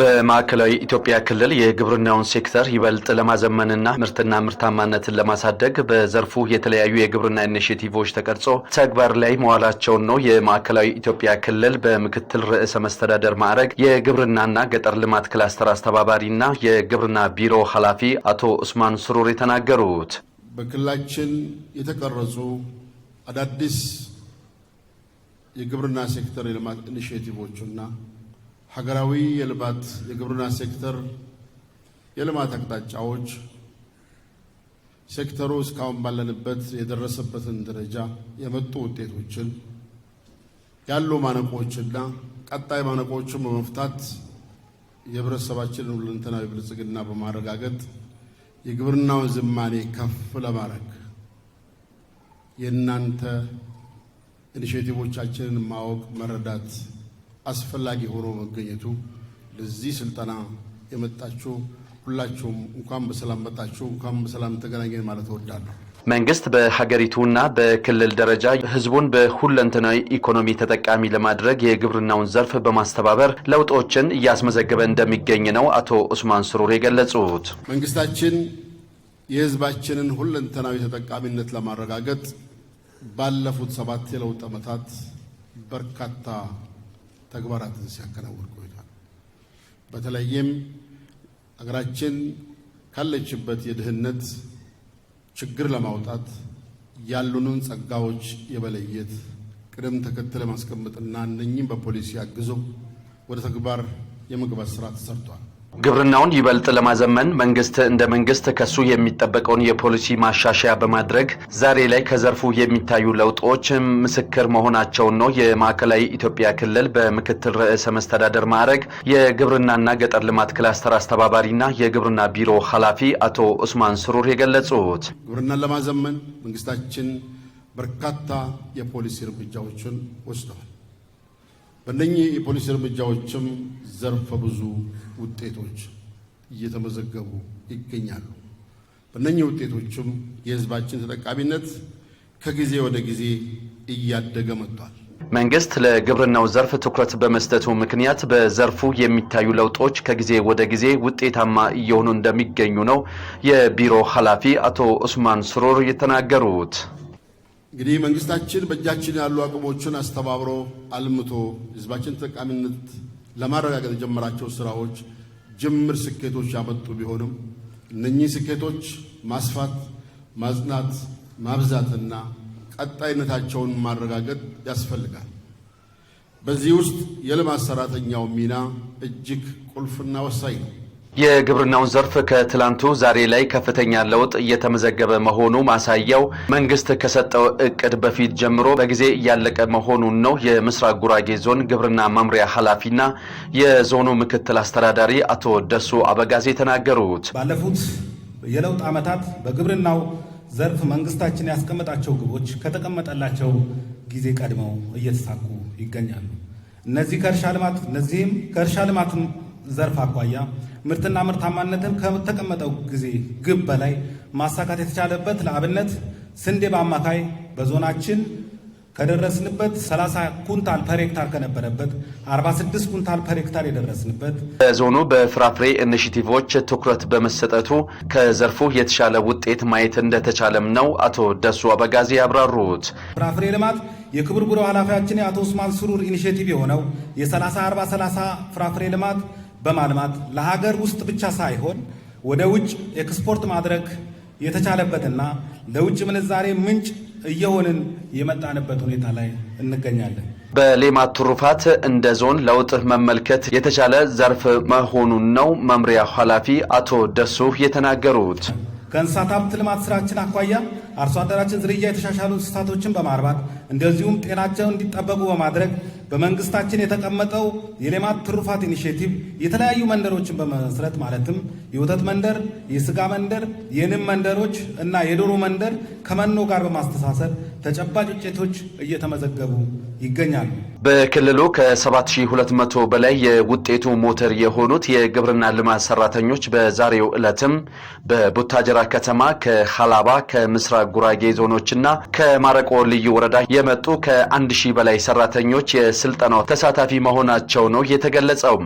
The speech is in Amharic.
በማዕከላዊ ኢትዮጵያ ክልል የግብርናውን ሴክተር ይበልጥ ለማዘመንና ምርትና ምርታማነትን ለማሳደግ በዘርፉ የተለያዩ የግብርና ኢኒሽቲቮች ተቀርጾ ተግባር ላይ መዋላቸውን ነው የማዕከላዊ ኢትዮጵያ ክልል በምክትል ርዕሰ መስተዳደር ማዕረግ የግብርናና ገጠር ልማት ክላስተር አስተባባሪና የግብርና ቢሮ ኃላፊ አቶ ኡስማን ስሩር የተናገሩት። በክልላችን የተቀረጹ አዳዲስ የግብርና ሴክተር የልማት ኢኒሽቲቮችና ሀገራዊ የልማት የግብርና ሴክተር የልማት አቅጣጫዎች ሴክተሩ እስካሁን ባለንበት የደረሰበትን ደረጃ የመጡ ውጤቶችን ያሉ ማነቆችና ቀጣይ ማነቆችን በመፍታት የህብረተሰባችንን ሁለንተናዊ ብልጽግና በማረጋገጥ የግብርናውን ዝማኔ ከፍ ለማድረግ የእናንተ ኢኒሽቲቮቻችንን ማወቅ መረዳት አስፈላጊ ሆኖ መገኘቱ ለዚህ ስልጠና የመጣችሁ ሁላችሁም እንኳን በሰላም መጣችሁ፣ እንኳን በሰላም ተገናኘን ማለት እወዳለሁ። መንግስት በሀገሪቱና በክልል ደረጃ ህዝቡን በሁለንተናዊ ኢኮኖሚ ተጠቃሚ ለማድረግ የግብርናውን ዘርፍ በማስተባበር ለውጦችን እያስመዘገበ እንደሚገኝ ነው አቶ ኡስማን ስሩር የገለጹት። መንግስታችን የህዝባችንን ሁለንተናዊ ተጠቃሚነት ለማረጋገጥ ባለፉት ሰባት የለውጥ ዓመታት በርካታ ተግባራትን ሲያከናውን ቆይቷል። በተለይም አገራችን ካለችበት የድህነት ችግር ለማውጣት ያሉንን ጸጋዎች የመለየት ቅደም ተከተል ማስቀመጥና እነኚህም በፖሊሲ አግዞ ወደ ተግባር የመግባት ስራ ተሰርቷል። ግብርናውን ይበልጥ ለማዘመን መንግስት እንደ መንግስት ከሱ የሚጠበቀውን የፖሊሲ ማሻሻያ በማድረግ ዛሬ ላይ ከዘርፉ የሚታዩ ለውጦች ምስክር መሆናቸውን ነው የማዕከላዊ ኢትዮጵያ ክልል በምክትል ርዕሰ መስተዳደር ማዕረግ የግብርናና ገጠር ልማት ክላስተር አስተባባሪና የግብርና ቢሮ ኃላፊ አቶ ኡስማን ስሩር የገለጹት። ግብርናን ለማዘመን መንግስታችን በርካታ የፖሊሲ እርምጃዎችን ወስደዋል። በእነኚህ የፖሊስ እርምጃዎችም ዘርፈ ብዙ ውጤቶች እየተመዘገቡ ይገኛሉ። በእነኚህ ውጤቶችም የሕዝባችን ተጠቃሚነት ከጊዜ ወደ ጊዜ እያደገ መጥቷል። መንግስት ለግብርናው ዘርፍ ትኩረት በመስጠቱ ምክንያት በዘርፉ የሚታዩ ለውጦች ከጊዜ ወደ ጊዜ ውጤታማ እየሆኑ እንደሚገኙ ነው የቢሮ ኃላፊ አቶ ኡስማን ስሩር የተናገሩት። እንግዲህ መንግስታችን በእጃችን ያሉ አቅሞችን አስተባብሮ አልምቶ ህዝባችን ተጠቃሚነት ለማረጋገጥ የጀመራቸው ስራዎች ጅምር ስኬቶች ያመጡ ቢሆንም እነኚህ ስኬቶች ማስፋት፣ ማጽናት፣ ማብዛትና ቀጣይነታቸውን ማረጋገጥ ያስፈልጋል። በዚህ ውስጥ የልማት ሰራተኛው ሚና እጅግ ቁልፍና ወሳኝ ነው። የግብርናውን ዘርፍ ከትላንቱ ዛሬ ላይ ከፍተኛ ለውጥ እየተመዘገበ መሆኑ ማሳያው መንግስት ከሰጠው እቅድ በፊት ጀምሮ በጊዜ እያለቀ መሆኑን ነው የምስራቅ ጉራጌ ዞን ግብርና መምሪያ ኃላፊና የዞኑ ምክትል አስተዳዳሪ አቶ ደሱ አበጋዜ የተናገሩት። ባለፉት የለውጥ ዓመታት በግብርናው ዘርፍ መንግስታችን ያስቀመጣቸው ግቦች ከተቀመጠላቸው ጊዜ ቀድመው እየተሳኩ ይገኛሉ። እነዚህ ከእርሻ ልማት እነዚህም ከእርሻ ልማትም ዘርፍ አኳያ ምርትና ምርታማነትን ከተቀመጠው ጊዜ ግብ በላይ ማሳካት የተቻለበት ለአብነት ስንዴ በአማካይ በዞናችን ከደረስንበት 30 ኩንታል ፐር ሄክታር ከነበረበት 46 ኩንታል ፐር ሄክታር የደረስንበት በዞኑ በፍራፍሬ ኢኒሽቲቮች ትኩረት በመሰጠቱ ከዘርፉ የተሻለ ውጤት ማየት እንደተቻለም ነው አቶ ደሱ አበጋዚ ያብራሩት። ፍራፍሬ ልማት የክብር ቢሮ ኃላፊያችን የአቶ ኡስማን ስሩር ኢኒሽቲቭ የሆነው የ30 40 30 ፍራፍሬ ልማት በማልማት ለሀገር ውስጥ ብቻ ሳይሆን ወደ ውጭ ኤክስፖርት ማድረግ የተቻለበትና ለውጭ ምንዛሬ ምንጭ እየሆንን የመጣንበት ሁኔታ ላይ እንገኛለን። በሌማት ትሩፋት እንደ ዞን ለውጥ መመልከት የተቻለ ዘርፍ መሆኑን ነው መምሪያ ኃላፊ አቶ ደሱ የተናገሩት። ከእንስሳት ሀብት ልማት ስራችን አኳያ አርሶ አደራችን ዝርያ የተሻሻሉ እንስሳቶችን በማርባት እንደዚሁም ጤናቸውን እንዲጠበቁ በማድረግ በመንግስታችን የተቀመጠው የሌማት ትሩፋት ኢኒሽቲቭ የተለያዩ መንደሮችን በመስረት ማለትም የወተት መንደር፣ የስጋ መንደር፣ የንም መንደሮች እና የዶሮ መንደር ከመኖ ጋር በማስተሳሰር ተጨባጭ ውጤቶች እየተመዘገቡ ይገኛሉ። በክልሉ ከ7200 በላይ የውጤቱ ሞተር የሆኑት የግብርና ልማት ሰራተኞች በዛሬው ዕለትም በቡታጀራ ከተማ ከሀላባ ከምስራቅ ጉራጌ ዞኖችና ከማረቆ ልዩ ወረዳ የመጡ ከ1000 በላይ ሰራተኞች የስልጠናው ተሳታፊ መሆናቸው ነው የተገለጸው።